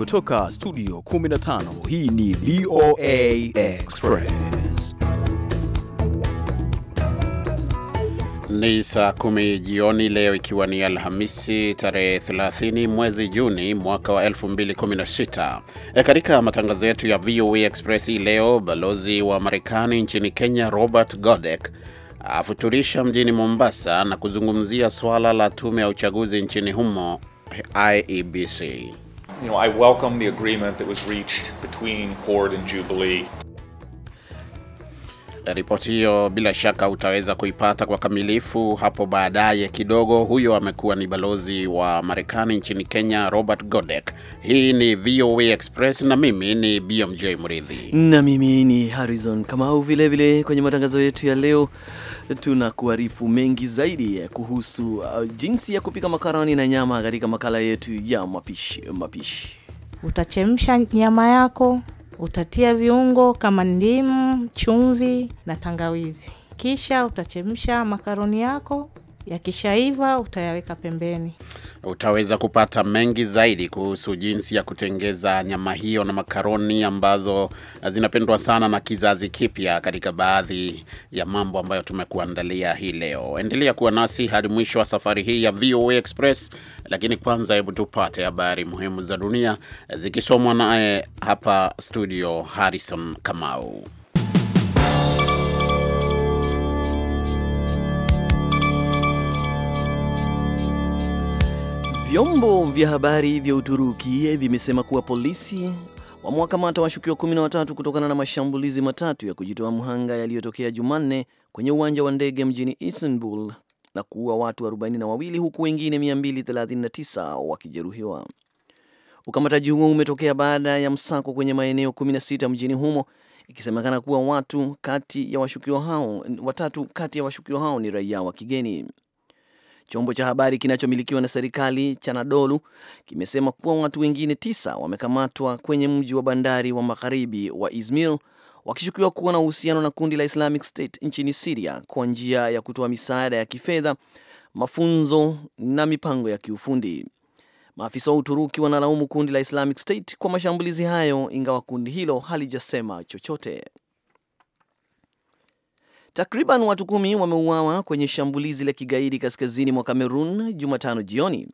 Kutoka studio 15 hii ni VOA Express. Ni saa kumi jioni leo, ikiwa ni Alhamisi tarehe 30 mwezi Juni mwaka wa 2016. E, katika matangazo yetu ya VOA Express hii leo, balozi wa Marekani nchini Kenya Robert Godek afuturisha mjini Mombasa na kuzungumzia swala la tume ya uchaguzi nchini humo IEBC you know, I welcome the agreement that was reached between Cord and Jubilee. Ripoti hiyo bila shaka utaweza kuipata kwa kamilifu hapo baadaye kidogo. Huyo amekuwa ni balozi wa Marekani nchini Kenya, Robert Godek. Hii ni VOA Express na mimi ni BMJ Mridhi na mimi ni Harrison Kamau. Vilevile kwenye matangazo yetu ya leo tuna kuarifu mengi zaidi kuhusu uh, jinsi ya kupika makaroni na nyama katika makala yetu ya mapishi mapishi. Utachemsha nyama yako, utatia viungo kama ndimu, chumvi na tangawizi, kisha utachemsha makaroni yako Yakishaiva utayaweka pembeni. Utaweza kupata mengi zaidi kuhusu jinsi ya kutengeza nyama hiyo na makaroni ambazo zinapendwa sana na kizazi kipya, katika baadhi ya mambo ambayo tumekuandalia hii leo. Endelea kuwa nasi hadi mwisho wa safari hii ya VOA Express, lakini kwanza, hebu tupate habari muhimu za dunia zikisomwa naye hapa studio Harrison Kamau. Vyombo vya habari vya Uturuki vimesema kuwa polisi wamwakamata washukiwa 13 kutokana na mashambulizi matatu ya kujitoa mhanga yaliyotokea Jumanne kwenye uwanja wa ndege mjini Istanbul na kuua watu 42 huku wengine 239 wakijeruhiwa. Ukamataji huo umetokea baada ya msako kwenye maeneo 16 mjini humo ikisemekana kuwa watu kati ya washukiwa hao watatu kati ya washukiwa hao ni raia wa kigeni. Chombo cha habari kinachomilikiwa na serikali cha nadolu kimesema kuwa watu wengine tisa wamekamatwa kwenye mji wa bandari wa magharibi wa Izmir wakishukiwa kuwa na uhusiano na kundi la Islamic State nchini Siria kwa njia ya kutoa misaada ya kifedha, mafunzo na mipango ya kiufundi. Maafisa wa Uturuki wanalaumu kundi la Islamic State kwa mashambulizi hayo, ingawa kundi hilo halijasema chochote. Takriban watu kumi wameuawa kwenye shambulizi la kigaidi kaskazini mwa Kamerun Jumatano jioni.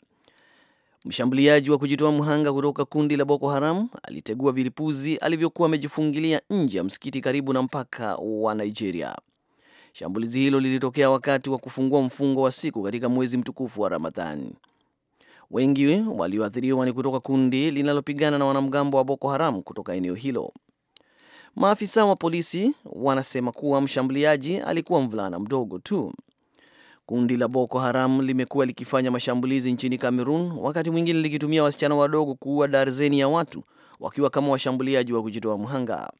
Mshambuliaji wa kujitoa mhanga kutoka kundi la Boko Haram alitegua vilipuzi alivyokuwa amejifungilia nje ya msikiti karibu na mpaka wa Nigeria. Shambulizi hilo lilitokea wakati wa kufungua mfungo wa siku katika mwezi mtukufu wa ramadhan Wengi walioathiriwa ni kutoka kundi linalopigana na wanamgambo wa Boko Haram kutoka eneo hilo. Maafisa wa polisi wanasema kuwa mshambuliaji alikuwa mvulana mdogo tu. Kundi la Boko Haram limekuwa likifanya mashambulizi nchini Kamerun, wakati mwingine likitumia wasichana wadogo kuua darzeni ya watu wakiwa kama washambuliaji wa kujitoa mhanga.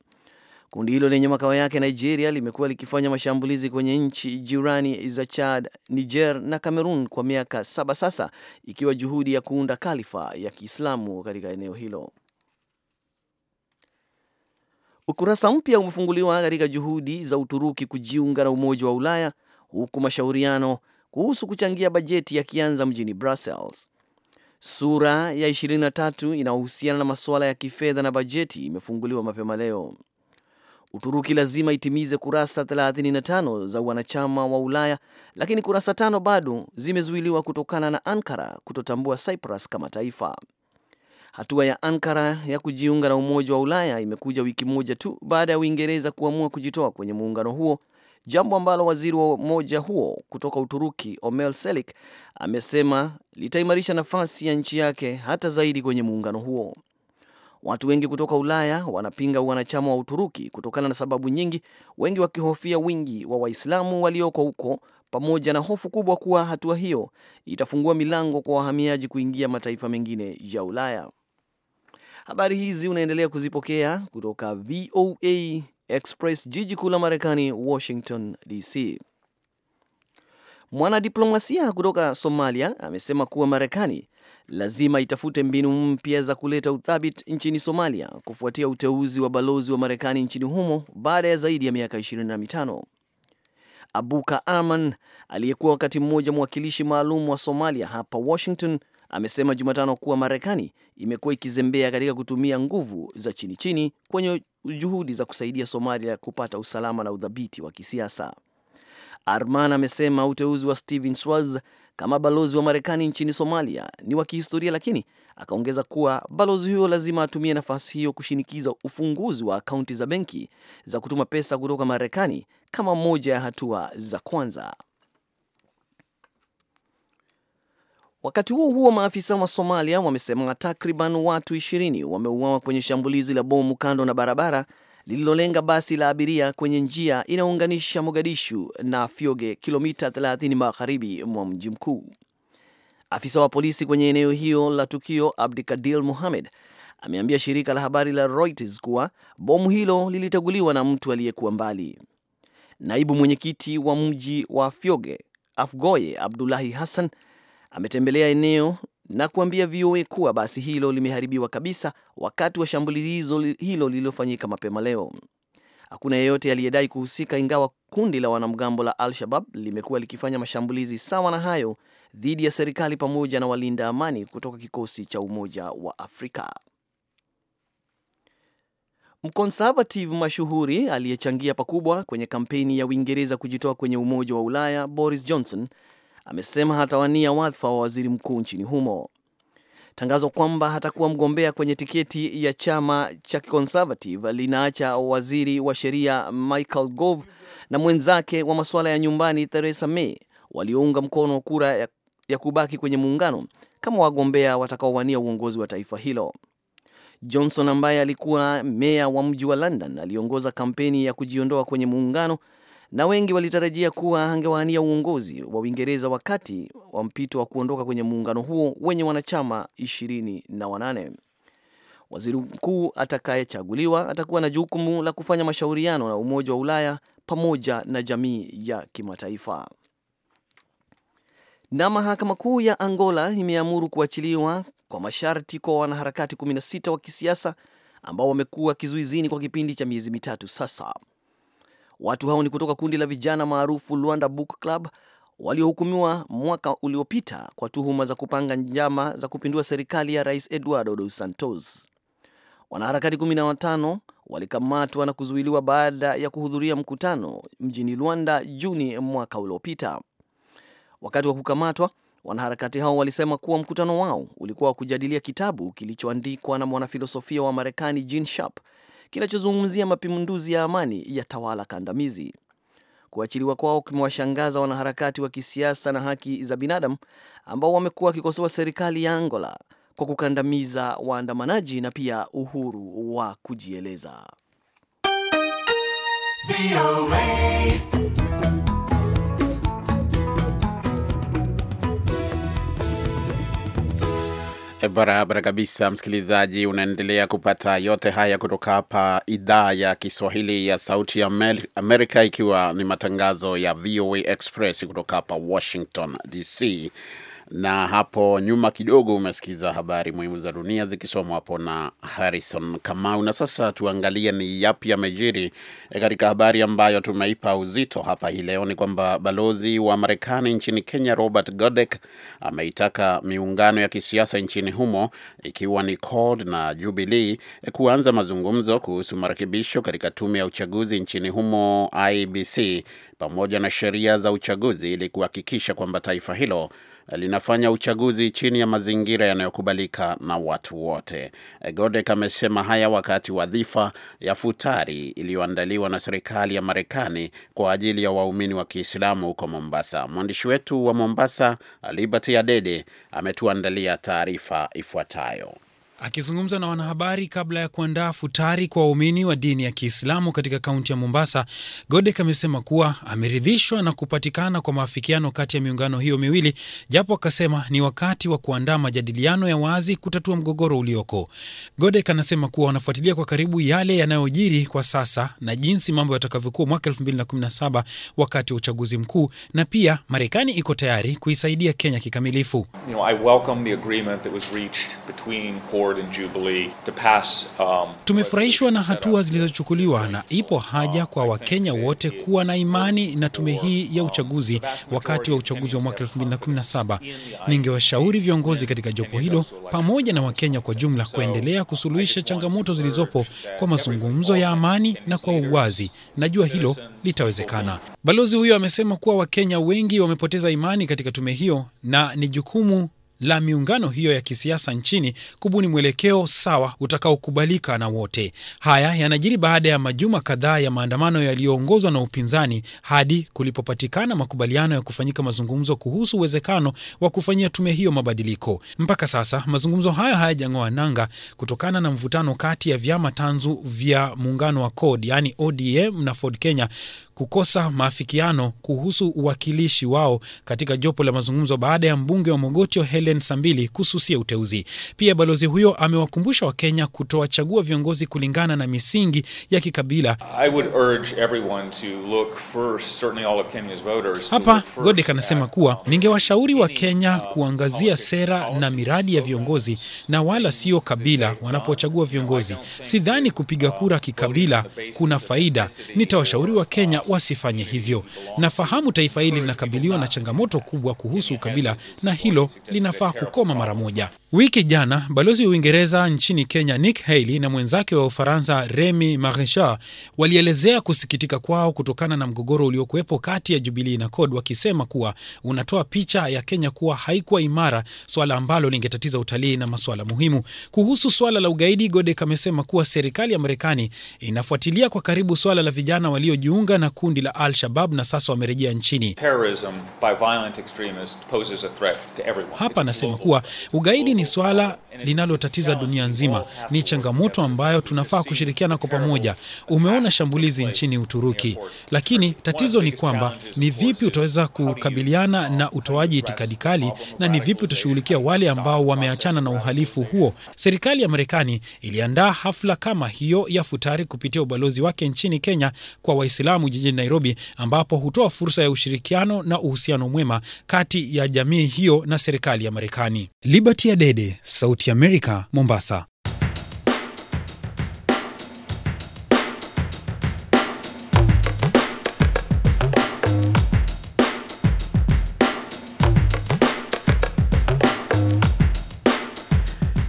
Kundi hilo lenye makao yake Nigeria limekuwa likifanya mashambulizi kwenye nchi jirani za Chad, Niger na cameron kwa miaka saba sasa, ikiwa juhudi ya kuunda kalifa ya Kiislamu katika eneo hilo. Ukurasa mpya umefunguliwa katika juhudi za Uturuki kujiunga na Umoja wa Ulaya, huku mashauriano kuhusu kuchangia bajeti yakianza mjini Brussels. Sura ya 23 inayohusiana na masuala ya kifedha na bajeti imefunguliwa mapema leo. Uturuki lazima itimize kurasa 35 za wanachama wa Ulaya, lakini kurasa tano bado zimezuiliwa kutokana na Ankara kutotambua Cyprus kama taifa. Hatua ya Ankara ya kujiunga na Umoja wa Ulaya imekuja wiki moja tu baada ya Uingereza kuamua kujitoa kwenye muungano huo, jambo ambalo waziri wa umoja huo kutoka Uturuki Omel Selik amesema litaimarisha nafasi ya nchi yake hata zaidi kwenye muungano huo. Watu wengi kutoka Ulaya wanapinga wanachama wa Uturuki kutokana na sababu nyingi, wengi wakihofia wingi wa Waislamu walioko huko pamoja na hofu kubwa kuwa hatua hiyo itafungua milango kwa wahamiaji kuingia mataifa mengine ya Ulaya. Habari hizi unaendelea kuzipokea kutoka VOA Express, jiji kuu la Marekani, Washington DC. Mwanadiplomasia kutoka Somalia amesema kuwa Marekani lazima itafute mbinu mpya za kuleta uthabiti nchini Somalia kufuatia uteuzi wa balozi wa Marekani nchini humo baada ya zaidi ya miaka 25. Abuka Arman aliyekuwa wakati mmoja mwakilishi maalum wa Somalia hapa Washington amesema Jumatano kuwa Marekani imekuwa ikizembea katika kutumia nguvu za chini chini kwenye juhudi za kusaidia Somalia kupata usalama na udhabiti wa kisiasa. Arman amesema uteuzi wa Steven Swaz kama balozi wa Marekani nchini Somalia ni wa kihistoria, lakini akaongeza kuwa balozi huyo lazima atumie nafasi hiyo kushinikiza ufunguzi wa akaunti za benki za kutuma pesa kutoka Marekani kama moja ya hatua za kwanza. Wakati huo huo, maafisa wa Somalia wamesema takriban watu ishirini wameuawa kwenye shambulizi la bomu kando na barabara lililolenga basi la abiria kwenye njia inayounganisha Mogadishu na Fyoge, kilomita 30 magharibi mwa mji mkuu. Afisa wa polisi kwenye eneo hiyo la tukio abdikadil muhamed ameambia shirika la habari la Reuters kuwa bomu hilo liliteguliwa na mtu aliyekuwa mbali. Naibu mwenyekiti wa mji wa Fyoge Afgoye Abdulahi Hassan ametembelea eneo na kuambia VOA kuwa basi hilo limeharibiwa kabisa wakati wa shambulizi hilo lililofanyika mapema leo. Hakuna yeyote aliyedai kuhusika, ingawa kundi la wanamgambo la Al-Shabab limekuwa likifanya mashambulizi sawa na hayo dhidi ya serikali pamoja na walinda amani kutoka kikosi cha Umoja wa Afrika. Mkonservative mashuhuri aliyechangia pakubwa kwenye kampeni ya Uingereza kujitoa kwenye Umoja wa Ulaya, Boris Johnson amesema hatawania wadhifa wa waziri mkuu nchini humo. Tangazo kwamba hatakuwa mgombea kwenye tiketi ya chama cha Conservative linaacha waziri wa sheria Michael Gove na mwenzake wa masuala ya nyumbani Theresa May waliounga mkono kura ya, ya kubaki kwenye muungano kama wagombea watakaowania uongozi wa taifa hilo. Johnson ambaye alikuwa meya wa mji wa London aliongoza kampeni ya kujiondoa kwenye muungano na wengi walitarajia kuwa angewania uongozi wa Uingereza wakati wa mpito wa kuondoka kwenye muungano huo wenye wanachama ishirini na wanane. Waziri mkuu atakayechaguliwa atakuwa na jukumu la kufanya mashauriano na Umoja wa Ulaya pamoja na jamii ya kimataifa. Na mahakama kuu ya Angola imeamuru kuachiliwa kwa masharti kwa wanaharakati 16 wa kisiasa ambao wamekuwa kizuizini kwa kipindi cha miezi mitatu sasa. Watu hao ni kutoka kundi la vijana maarufu Luanda Book Club waliohukumiwa mwaka uliopita kwa tuhuma za kupanga njama za kupindua serikali ya Rais Eduardo Dos Santos. Wanaharakati 15 walikamatwa na kuzuiliwa baada ya kuhudhuria mkutano mjini Luanda Juni mwaka uliopita. Wakati wa kukamatwa, wanaharakati hao walisema kuwa mkutano wao ulikuwa wa kujadilia kitabu kilichoandikwa na mwanafilosofia wa Marekani Gene Sharp kinachozungumzia mapinduzi ya amani ya tawala kandamizi. Kuachiliwa kwao kumewashangaza wanaharakati wa kisiasa na haki za binadamu ambao wamekuwa wakikosoa serikali ya Angola kwa kukandamiza waandamanaji na pia uhuru wa kujieleza. Eh, barabara kabisa, msikilizaji, unaendelea kupata yote haya kutoka hapa idhaa ya Kiswahili ya Sauti ya Amerika, ikiwa ni matangazo ya VOA Express kutoka hapa Washington DC na hapo nyuma kidogo umesikiza habari muhimu za dunia zikisomwa hapo na Harrison Kamau. Na sasa tuangalie ni yapi yamejiri eh, katika habari ambayo tumeipa uzito hapa hii leo. Ni kwamba balozi wa Marekani nchini Kenya Robert Godek ameitaka miungano ya kisiasa nchini humo ikiwa ni CORD na Jubilee eh, kuanza mazungumzo kuhusu marekebisho katika tume ya uchaguzi nchini humo IBC pamoja na sheria za uchaguzi ili kuhakikisha kwamba taifa hilo linafanya uchaguzi chini ya mazingira yanayokubalika na watu wote. Godek amesema haya wakati wa dhifa ya futari iliyoandaliwa na serikali ya Marekani kwa ajili ya waumini wa Kiislamu huko Mombasa. Mwandishi wetu wa Mombasa, Liberty Adede, ametuandalia taarifa ifuatayo. Akizungumza na wanahabari kabla ya kuandaa futari kwa waumini wa dini ya Kiislamu katika kaunti ya Mombasa, Godek amesema kuwa ameridhishwa na kupatikana kwa maafikiano kati ya miungano hiyo miwili, japo akasema ni wakati wa kuandaa majadiliano ya wazi kutatua mgogoro ulioko. Godek anasema kuwa wanafuatilia kwa karibu yale yanayojiri kwa sasa na jinsi mambo yatakavyokuwa mwaka 2017 wakati wa uchaguzi mkuu, na pia Marekani iko tayari kuisaidia Kenya kikamilifu. you know, Um, tumefurahishwa na hatua zilizochukuliwa na ipo haja kwa Wakenya wote kuwa na imani na tume hii ya uchaguzi wakati wa uchaguzi wa mwaka 2017. Ningewashauri viongozi katika jopo hilo pamoja na Wakenya kwa jumla kuendelea kusuluhisha changamoto zilizopo kwa mazungumzo ya amani na kwa uwazi. Najua hilo litawezekana. Balozi huyo amesema kuwa Wakenya wengi wamepoteza imani katika tume hiyo na ni jukumu la miungano hiyo ya kisiasa nchini kubuni mwelekeo sawa utakaokubalika na wote. Haya yanajiri baada ya majuma kadhaa ya maandamano yaliyoongozwa na upinzani hadi kulipopatikana makubaliano ya kufanyika mazungumzo kuhusu uwezekano wa kufanyia tume hiyo mabadiliko. Mpaka sasa mazungumzo hayo hayajang'oa nanga kutokana na mvutano kati ya vyama tanzu vya muungano wa CORD yani ODM na Ford Kenya kukosa maafikiano kuhusu uwakilishi wao katika jopo la mazungumzo baada ya mbunge wa Mogotio Helen Sambili kususia uteuzi. Pia balozi huyo amewakumbusha Wakenya kutowachagua viongozi kulingana na misingi ya kikabila. Hapa Godek anasema kuwa ningewashauri Wakenya uh, kuangazia sera na miradi ya viongozi na wala sio kabila wanapochagua viongozi. Sidhani kupiga uh, kura kikabila kuna faida. Nitawashauri uh, Wakenya wasifanye hivyo. Nafahamu taifa hili linakabiliwa na changamoto kubwa kuhusu ukabila na hilo lina inafaa kukoma mara moja. Wiki jana balozi wa Uingereza nchini Kenya Nick Hailey na mwenzake wa Ufaransa Remy marichar walielezea kusikitika kwao kutokana na mgogoro uliokuwepo kati ya jubilii na cod wakisema kuwa unatoa picha ya Kenya kuwa haikuwa imara, swala ambalo lingetatiza utalii na maswala muhimu. Kuhusu swala la ugaidi, godek amesema kuwa serikali ya Marekani inafuatilia kwa karibu swala la vijana waliojiunga na kundi la Al-Shabab na sasa wamerejea nchini. Hapa anasema kuwa ugaidi ni swala linalotatiza dunia nzima, ni changamoto ambayo tunafaa kushirikiana kwa pamoja. Umeona shambulizi nchini Uturuki, lakini tatizo ni kwamba ni vipi utaweza kukabiliana na utoaji itikadi kali na ni vipi utashughulikia wale ambao wameachana na uhalifu huo. Serikali ya Marekani iliandaa hafla kama hiyo ya futari kupitia ubalozi wake nchini Kenya kwa Waislamu jijini Nairobi, ambapo hutoa fursa ya ushirikiano na uhusiano mwema kati ya jamii hiyo na serikali ya Marekani. Liberty Dede, Sauti Amerika, Mombasa.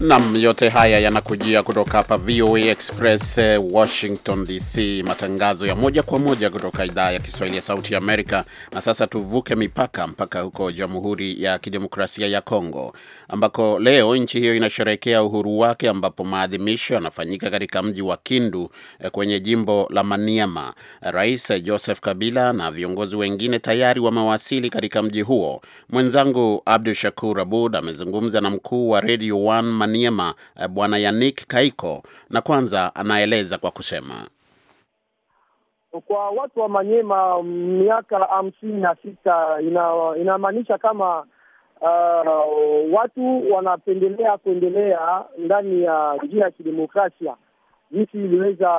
Nam, yote haya yanakujia kutoka hapa VOA Express, eh, Washington DC, matangazo ya moja kwa moja kutoka idhaa ya Kiswahili ya Sauti ya Amerika. Na sasa tuvuke mipaka mpaka huko Jamhuri ya Kidemokrasia ya Kongo, ambako leo nchi hiyo inasherehekea uhuru wake, ambapo maadhimisho yanafanyika katika mji wa Kindu eh, kwenye jimbo la Maniema. Rais Joseph Kabila na viongozi wengine tayari wamewasili katika mji huo. Mwenzangu Abdu Shakur Abud amezungumza na mkuu wa Radio 1 Maniema, eh, Bwana Yanik Kaiko, na kwanza anaeleza kwa kusema kwa watu wa Manyema miaka hamsini na sita inamaanisha kama uh, watu wanapendelea kuendelea ndani ya njia ya kidemokrasia jinsi iliweza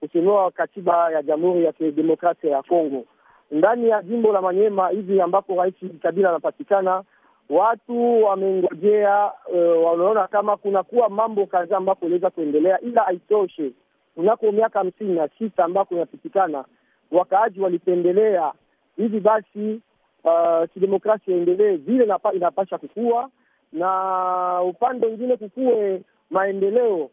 kusemewa katiba ya Jamhuri ya Kidemokrasia ya Kongo ndani ya jimbo la Manyema hivi ambapo Rais Kabila anapatikana watu wamengojea, uh, eh, wameona kama kunakuwa mambo kadhaa ambako iliweza kuendelea, ila haitoshe. Kunako miaka hamsini na sita ambako inapitikana wakaaji walipendelea hivi basi, uh, kidemokrasia iendelee vile inapasha kukua, na upande wengine kukuwe maendeleo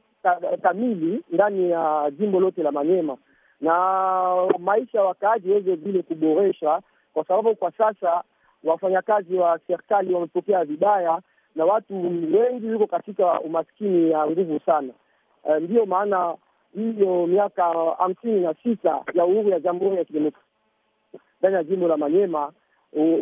kamili ndani ya jimbo lote la Manyema na maisha ya wakaaji weze vile kuboresha, kwa sababu kwa sasa wafanyakazi wa serikali wamepokea vibaya na watu wengi wiko katika umaskini ya nguvu sana. E, eh, ndiyo maana hiyo miaka hamsini na sita ya uhuru ya Jamhuri ya Kidemokrasia ndani ya jimbo la Manyema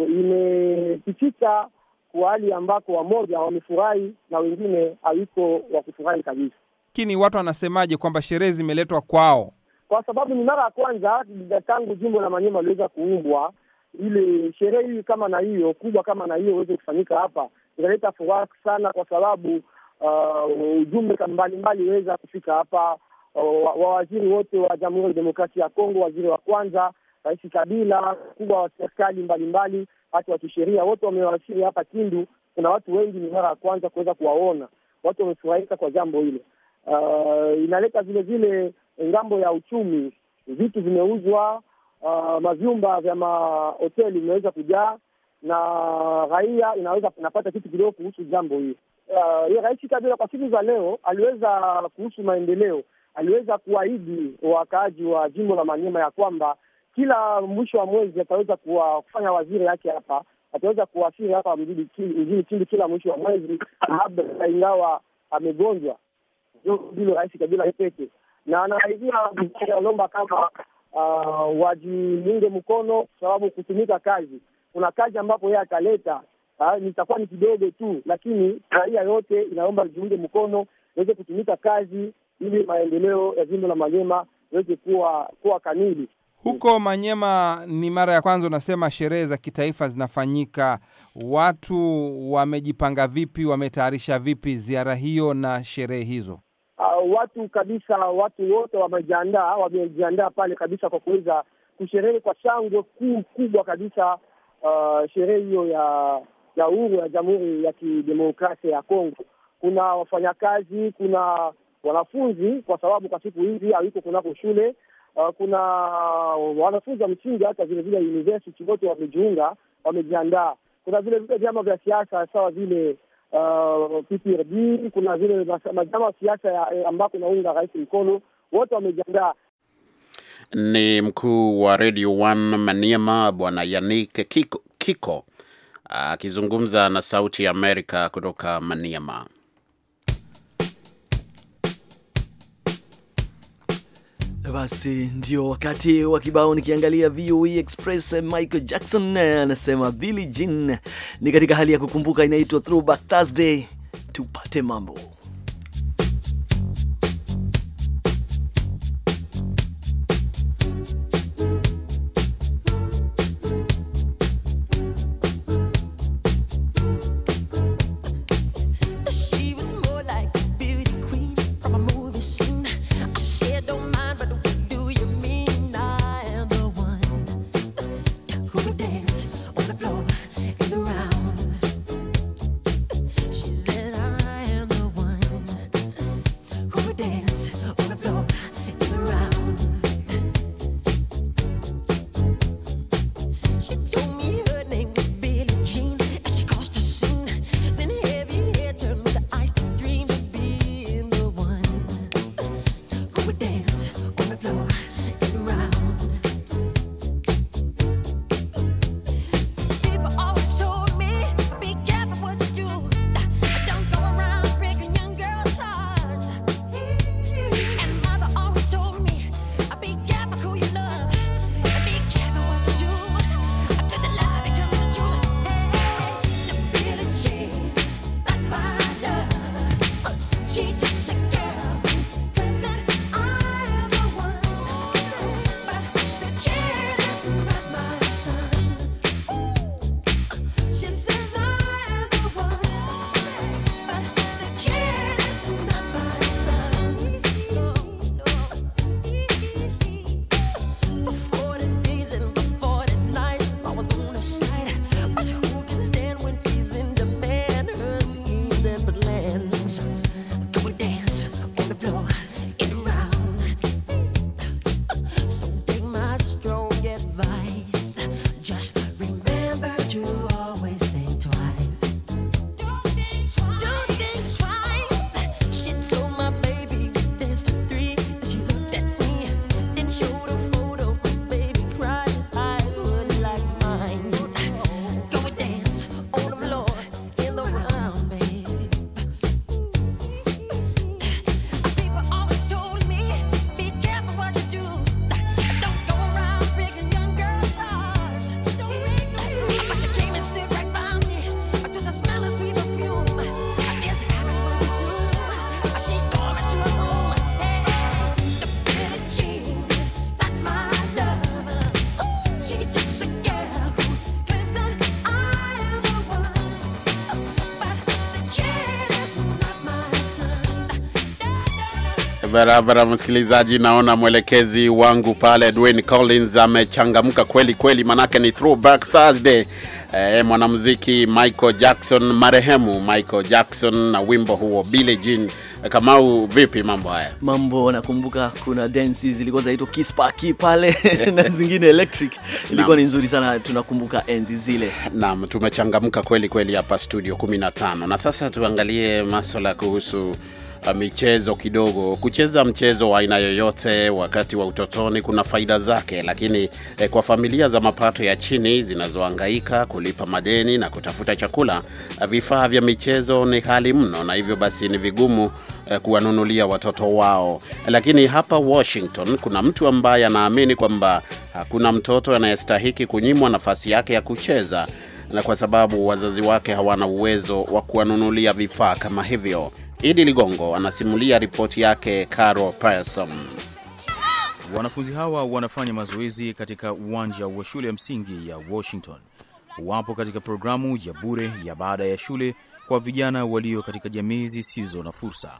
imepitika kwa hali ambako wamoja wamefurahi na wengine hawiko wa kufurahi kabisa. Lakini watu wanasemaje kwamba sherehe zimeletwa kwao? Kwa sababu ni mara ya kwanza tangu jimbo la Manyema liweza kuumbwa ili sherehe hii kama na hiyo kubwa kama na hiyo iweze kufanyika hapa, inaleta furaha sana, kwa sababu uh, ujumbe mbalimbali weza kufika hapa uh, wawaziri wote wa Jamhuri ya Demokrasia ya Kongo, waziri wa kwanza Rais Kabila, kubwa wa serikali mbalimbali, hata wa kisheria wote wamewasili hapa Kindu. Kuna watu wengi, ni mara ya kwanza kuweza kuwaona, watu wamefurahika kwa jambo hilo. Uh, inaleta vile vile ngambo ya uchumi, vitu vimeuzwa uh, mavyumba vya mahoteli vinaweza kujaa na raia inaweza inapata kitu kidogo kuhusu jambo ah, hiyo. Uh, Rais Kabila kwa siku za leo aliweza kuhusu maendeleo, aliweza kuahidi wakaaji wa jimbo la Manyema ya kwamba kila mwisho wa mwezi ataweza kufanya waziri yake hapa, ataweza kuwasiri hapa mjini Kindu kila mwisho wa mwezi, labda ingawa amegonjwa. Ndilo Rais Kabila ipeke na anaahidia Lomba kama uh, wajiunge mkono, kwa sababu kutumika kazi, kuna kazi ambapo yeye ataleta uh, nitakuwa ni kidogo tu, lakini raia yote inaomba jiunge mkono iweze kutumika kazi ili maendeleo ya jimbo la Manyema iweze kuwa kuwa kamili. Huko Manyema ni mara ya kwanza unasema sherehe za kitaifa zinafanyika. Watu wamejipanga vipi? Wametayarisha vipi ziara hiyo na sherehe hizo? uh, watu kabisa, watu wote wamejiandaa, wamejiandaa pale kabisa kwa kuweza kusherehe kwa shangwe kuu kubwa kabisa uh, sherehe hiyo ya ya uhuru ya Jamhuri ya Kidemokrasia ya Kongo. Kuna wafanyakazi, kuna wanafunzi, kwa sababu kwa siku hizi hawiko kunako shule uh, kuna wanafunzi wa msingi hata vilevile university wote wamejiunga, wamejiandaa. Kuna vilevile vyama vya siasa sawa vile uh, PPRD, kuna vile majama ya siasa eh, ambako inaunga rais mkono, wote wamejiandaa. Ni mkuu wa Radio 1 Maniema, Bwana Kiko, Kiko akizungumza na Sauti ya Amerika kutoka Maniema. Basi ndio wakati wa kibao. Nikiangalia VOA e Express, Michael Jackson anasema Billie Jean. Ni katika hali ya kukumbuka, inaitwa Throwback Thursday. Tupate mambo Barabara msikilizaji, naona mwelekezi wangu pale Dwayne Collins amechangamka kweli kweli, manake ni throwback Thursday. E, mwanamuziki Michael Jackson, marehemu Michael Jackson na wimbo huo Billie Jean. Eh, Kamau, vipi mambo haya? Mambo nakumbuka kuna dances zilikuwa zinaitwa kispaki pale na zingine electric, ilikuwa ni nzuri sana, tunakumbuka enzi zile. Naam, tumechangamka kweli kweli hapa studio 15 na sasa tuangalie masuala kuhusu Uh, michezo kidogo. Kucheza mchezo wa aina yoyote wakati wa utotoni kuna faida zake, lakini eh, kwa familia za mapato ya chini zinazohangaika kulipa madeni na kutafuta chakula, eh, vifaa vya michezo ni ghali mno, na hivyo basi ni vigumu eh, kuwanunulia watoto wao. Lakini hapa Washington kuna mtu ambaye anaamini kwamba hakuna mtoto anayestahiki kunyimwa nafasi yake ya kucheza, na kwa sababu wazazi wake hawana uwezo wa kuwanunulia vifaa kama hivyo. Idi Ligongo anasimulia ripoti yake. Caro Pearson. Wanafunzi hawa wanafanya mazoezi katika uwanja wa shule ya msingi ya Washington. Wapo katika programu ya bure ya baada ya shule kwa vijana walio katika jamii zisizo na fursa.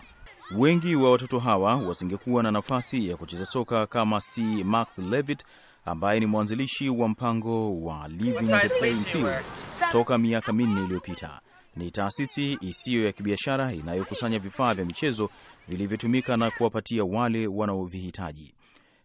Wengi wa watoto hawa wasingekuwa na nafasi ya kucheza soka kama si Max Levitt ambaye ni mwanzilishi wa mpango wa Living the Playing Field toka miaka minne iliyopita ni taasisi isiyo ya kibiashara inayokusanya vifaa vya michezo vilivyotumika na kuwapatia wale wanaovihitaji.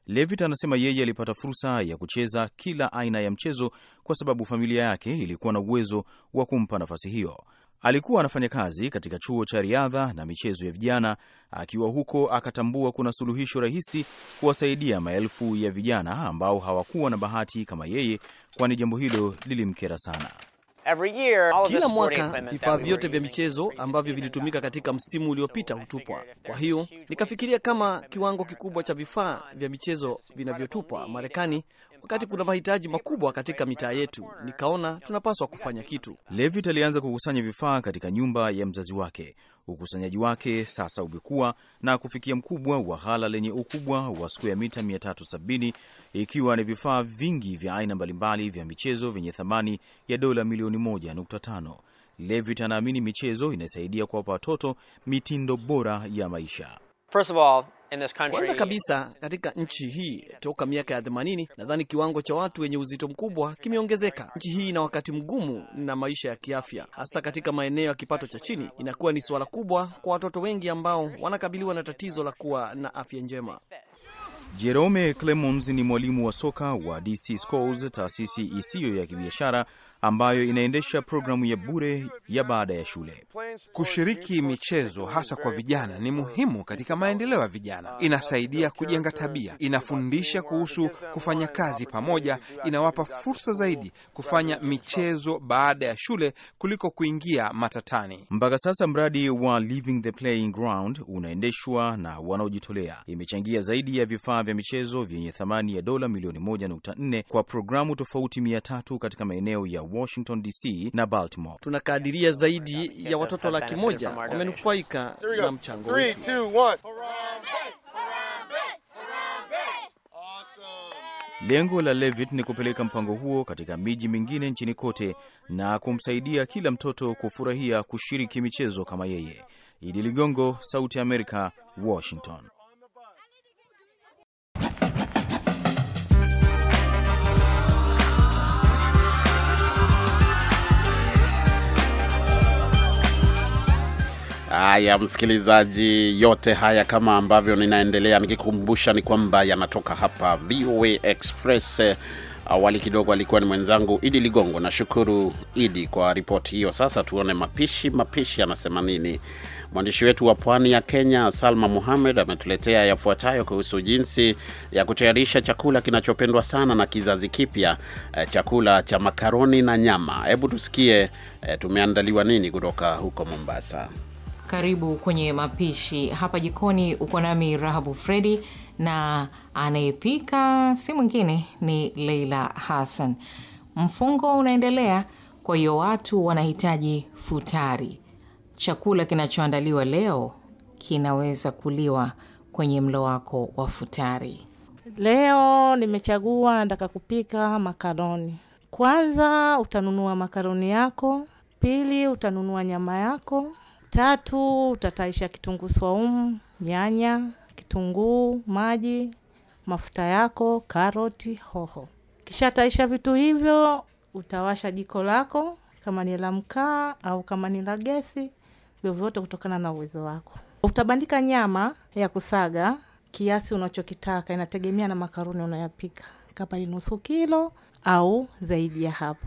Levit anasema yeye alipata fursa ya kucheza kila aina ya mchezo kwa sababu familia yake ilikuwa na uwezo wa kumpa nafasi hiyo. Alikuwa anafanya kazi katika chuo cha riadha na michezo ya vijana. Akiwa huko, akatambua kuna suluhisho rahisi kuwasaidia maelfu ya vijana ambao hawakuwa na bahati kama yeye, kwani jambo hilo lilimkera sana. Kila mwaka vifaa vyote vya michezo ambavyo vilitumika katika msimu uliopita hutupwa. Kwa hiyo nikafikiria kama kiwango kikubwa cha vifaa vya michezo vinavyotupwa Marekani wakati kuna mahitaji makubwa katika mitaa yetu, nikaona tunapaswa kufanya kitu. Levit alianza kukusanya vifaa katika nyumba ya mzazi wake. Ukusanyaji wake sasa umekuwa na kufikia mkubwa wa ghala lenye ukubwa wa square mita 370 ikiwa ni vifaa vingi vya aina mbalimbali vya michezo vyenye thamani ya dola milioni 1.5. Levit anaamini michezo inasaidia kuwapa watoto mitindo bora ya maisha. First of all, kwanza kabisa katika nchi hii toka miaka ya 80 nadhani kiwango cha watu wenye uzito mkubwa kimeongezeka. Nchi hii ina wakati mgumu na maisha ya kiafya, hasa katika maeneo ya kipato cha chini. Inakuwa ni suala kubwa kwa watoto wengi ambao wanakabiliwa na tatizo la kuwa na afya njema. Jerome Clemons ni mwalimu wa soka wa DC Schools, taasisi isiyo ya kibiashara ambayo inaendesha programu ya bure ya baada ya shule. Kushiriki michezo hasa kwa vijana ni muhimu katika maendeleo ya vijana. Inasaidia kujenga tabia, inafundisha kuhusu kufanya kazi pamoja, inawapa fursa zaidi kufanya michezo baada ya shule kuliko kuingia matatani. Mpaka sasa mradi wa Leaving the Playing Ground unaendeshwa na wanaojitolea. Imechangia zaidi ya vifaa vya michezo vyenye thamani ya dola milioni 1.4 kwa programu tofauti 300 katika maeneo ya Washington DC na Baltimore. Tunakadiria zaidi ya watoto laki moja wamenufaika na mchango wetu. Lengo la Levitt ni kupeleka mpango huo katika miji mingine nchini kote na kumsaidia kila mtoto kufurahia kushiriki michezo kama yeye. Idi Ligongo, Sauti ya Amerika, Washington. Haya, msikilizaji, yote haya kama ambavyo ninaendelea nikikumbusha ni kwamba yanatoka hapa VOA Express. Awali kidogo alikuwa ni mwenzangu Idi Ligongo. Nashukuru Idi kwa ripoti hiyo. Sasa tuone mapishi, mapishi anasema nini mwandishi wetu wa pwani ya Kenya Salma muhamed ametuletea yafuatayo kuhusu jinsi ya kutayarisha chakula kinachopendwa sana na kizazi kipya, eh, chakula cha makaroni na nyama. Hebu tusikie eh, tumeandaliwa nini kutoka huko Mombasa. Karibu kwenye mapishi hapa jikoni. Uko nami Rahabu Fredi na anayepika si mwingine ni Leila Hassan. Mfungo unaendelea, kwa hiyo watu wanahitaji futari. Chakula kinachoandaliwa leo kinaweza kuliwa kwenye mlo wako wa futari. Leo nimechagua, nataka kupika makaroni. Kwanza utanunua makaroni yako, pili utanunua nyama yako tatu utataisha kitunguu swaumu, nyanya, kitunguu maji, mafuta yako, karoti, hoho. taisha vitu hivyo, utawasha jiko lako, kama ni la mkaa au kama ni la gesi, vyovyote kutokana na uwezo wako. Utabandika nyama ya kusaga kiasi unachokitaka, inategemea na makaroni unayapika, kama ni nusu kilo au zaidi ya hapo.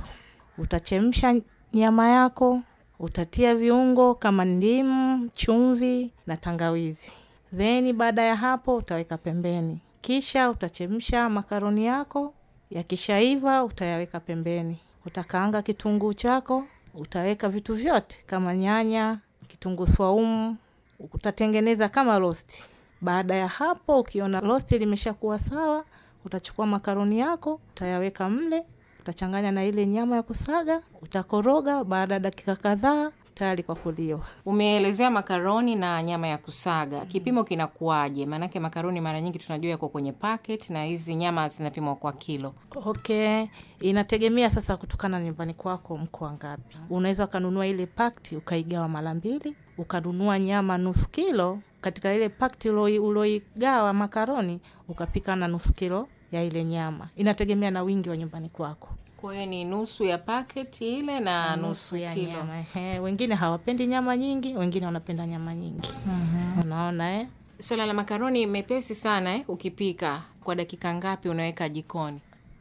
Utachemsha nyama yako Utatia viungo kama ndimu, chumvi na tangawizi, then baada ya hapo utaweka pembeni, kisha utachemsha makaroni yako. Yakishaiva utayaweka pembeni, utakaanga kitunguu chako, utaweka vitu vyote kama nyanya, kitunguu swaumu, utatengeneza kama rosti. Baada ya hapo, ukiona rosti limeshakuwa sawa, utachukua makaroni yako utayaweka mle utachanganya na ile nyama ya kusaga, utakoroga. Baada ya dakika kadhaa tayari kwa kuliwa. Umeelezea makaroni na nyama ya kusaga, kipimo kinakuwaje? Maanake makaroni mara nyingi tunajua yako kwenye packet na hizi nyama zinapimwa kwa kilo. Okay, inategemea sasa kutokana na nyumbani kwako mko wangapi. Unaweza ukanunua ile pakti ukaigawa mara mbili, ukanunua nyama nusu kilo katika ile pakti uloigawa makaroni ukapika na nusu kilo ya ile nyama, inategemea na wingi wa nyumbani kwako. Kwa hiyo ni nusu ya paketi ile na nusu, nusu ya kilo. Nyama. He, wengine hawapendi nyama nyingi, wengine wanapenda nyama nyingi. Uhum. Unaona eh? Swala la makaroni mepesi sana eh, ukipika kwa dakika ngapi unaweka jikoni?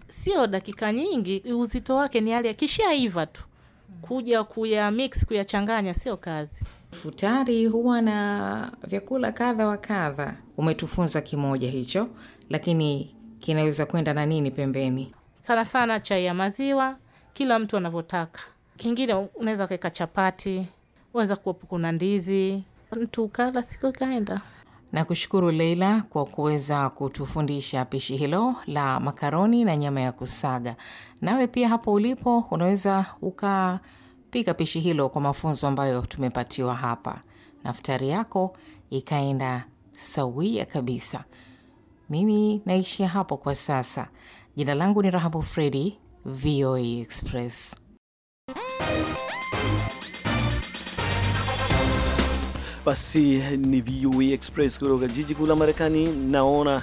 Sio dakika nyingi, uzito wake ni hali akishaiva tu, mm. kuja kuya mix kuyachanganya sio kazi. Futari huwa na vyakula kadha wa kadha, umetufunza kimoja hicho, lakini kinaweza kwenda na nini pembeni, sana sana chai ya maziwa, kila mtu anavyotaka. Kingine unaweza ukaweka chapati, unaweza kuwepo kuna ndizi, mtu ukala siku ikaenda. Nakushukuru Leila kwa kuweza kutufundisha pishi hilo la makaroni na nyama ya kusaga. Nawe pia hapo ulipo unaweza ukapika pishi hilo kwa mafunzo ambayo tumepatiwa hapa, naftari yako ikaenda sawia kabisa. Mimi naishia hapo kwa sasa. Jina langu ni Rahabu Fredi, VOA Express. Basi ni VOA Express kutoka jiji kuu la Marekani. Naona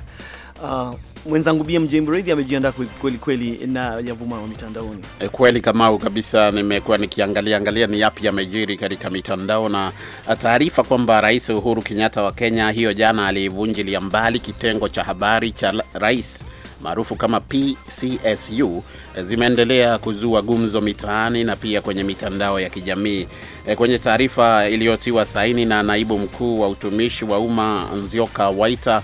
uh, mwenzangu BMJ Mridhi amejiandaa kweli kweli na wa mitandaoni. E, kweli Kamau, kabisa. Nimekuwa nikiangalia angalia ni yapi yamejiri katika mitandao, na eh, taarifa kwamba Rais Uhuru Kenyatta wa Kenya hiyo jana alivunjilia mbali kitengo cha habari cha rais maarufu kama PCSU eh, zimeendelea kuzua gumzo mitaani na pia kwenye mitandao ya kijamii. E, kwenye taarifa iliyotiwa saini na naibu mkuu wa utumishi wa umma Nzioka Waita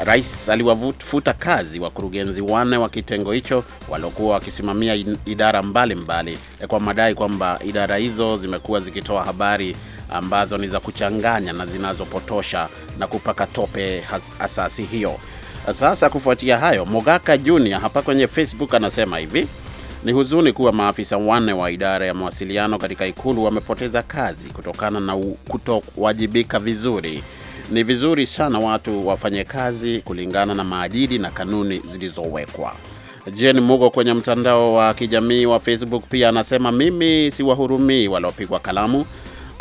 Rais aliwafuta kazi wakurugenzi wanne wa kitengo hicho waliokuwa wakisimamia idara mbalimbali mbali, eh, kwa madai kwamba idara hizo zimekuwa zikitoa habari ambazo ni za kuchanganya na zinazopotosha na kupaka tope asasi hiyo. Sasa kufuatia hayo, Mogaka Junior hapa kwenye Facebook anasema hivi: ni huzuni kuwa maafisa wanne wa idara ya mawasiliano katika Ikulu wamepoteza kazi kutokana na kutowajibika vizuri ni vizuri sana watu wafanye kazi kulingana na maadili na kanuni zilizowekwa. Jen Mugo kwenye mtandao wa kijamii wa Facebook pia anasema, mimi siwahurumii waliopigwa kalamu,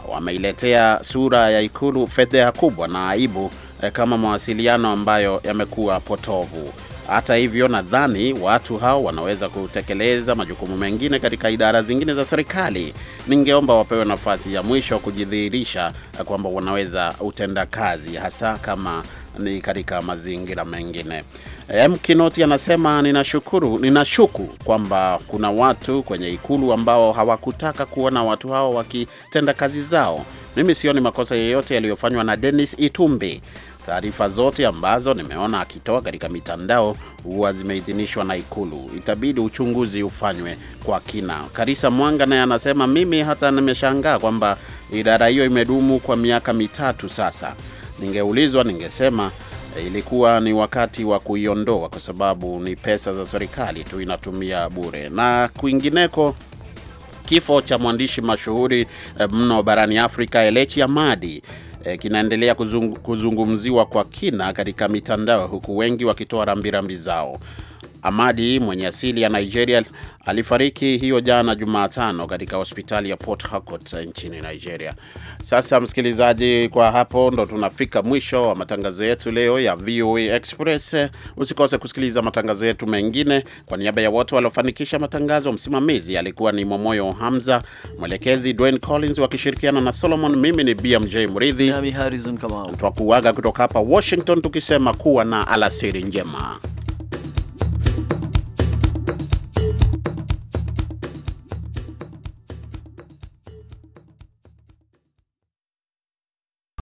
wameiletea sura ya Ikulu fedheha kubwa na aibu eh, kama mawasiliano ambayo yamekuwa potovu. Hata hivyo, nadhani watu hao wanaweza kutekeleza majukumu mengine katika idara zingine za serikali. Ningeomba wapewe nafasi ya mwisho kujidhihirisha kwamba wanaweza utenda kazi, hasa kama ni katika mazingira mengine. M Kinoti anasema ninashukuru, ninashuku kwamba kuna watu kwenye ikulu ambao hawakutaka kuona watu hao wakitenda kazi zao. Mimi sioni makosa yeyote yaliyofanywa na Dennis Itumbi. Taarifa zote ambazo nimeona akitoa katika mitandao huwa zimeidhinishwa na Ikulu. Itabidi uchunguzi ufanywe kwa kina. Karisa Mwanga naye anasema, mimi hata nimeshangaa kwamba idara hiyo imedumu kwa miaka mitatu sasa. Ningeulizwa ningesema ilikuwa ni wakati wa kuiondoa, kwa sababu ni pesa za serikali tu inatumia bure. Na kwingineko kifo cha mwandishi mashuhuri eh, mno barani Afrika Elechi Amadi e, kinaendelea kuzung, kuzungumziwa kwa kina katika mitandao huku wengi wakitoa rambirambi zao. Amadi mwenye asili ya Nigeria alifariki hiyo jana Jumatano katika hospitali ya Port Harcourt eh, nchini Nigeria. Sasa msikilizaji, kwa hapo ndo tunafika mwisho wa matangazo yetu leo ya VOA Express. Usikose kusikiliza matangazo yetu mengine. Kwa niaba ya wote waliofanikisha matangazo, msimamizi alikuwa ni Momoyo Hamza, mwelekezi Dwayne Collins wakishirikiana na Solomon. Mimi ni BMJ Mridhi, twakuaga kutoka hapa Washington tukisema kuwa na alasiri njema.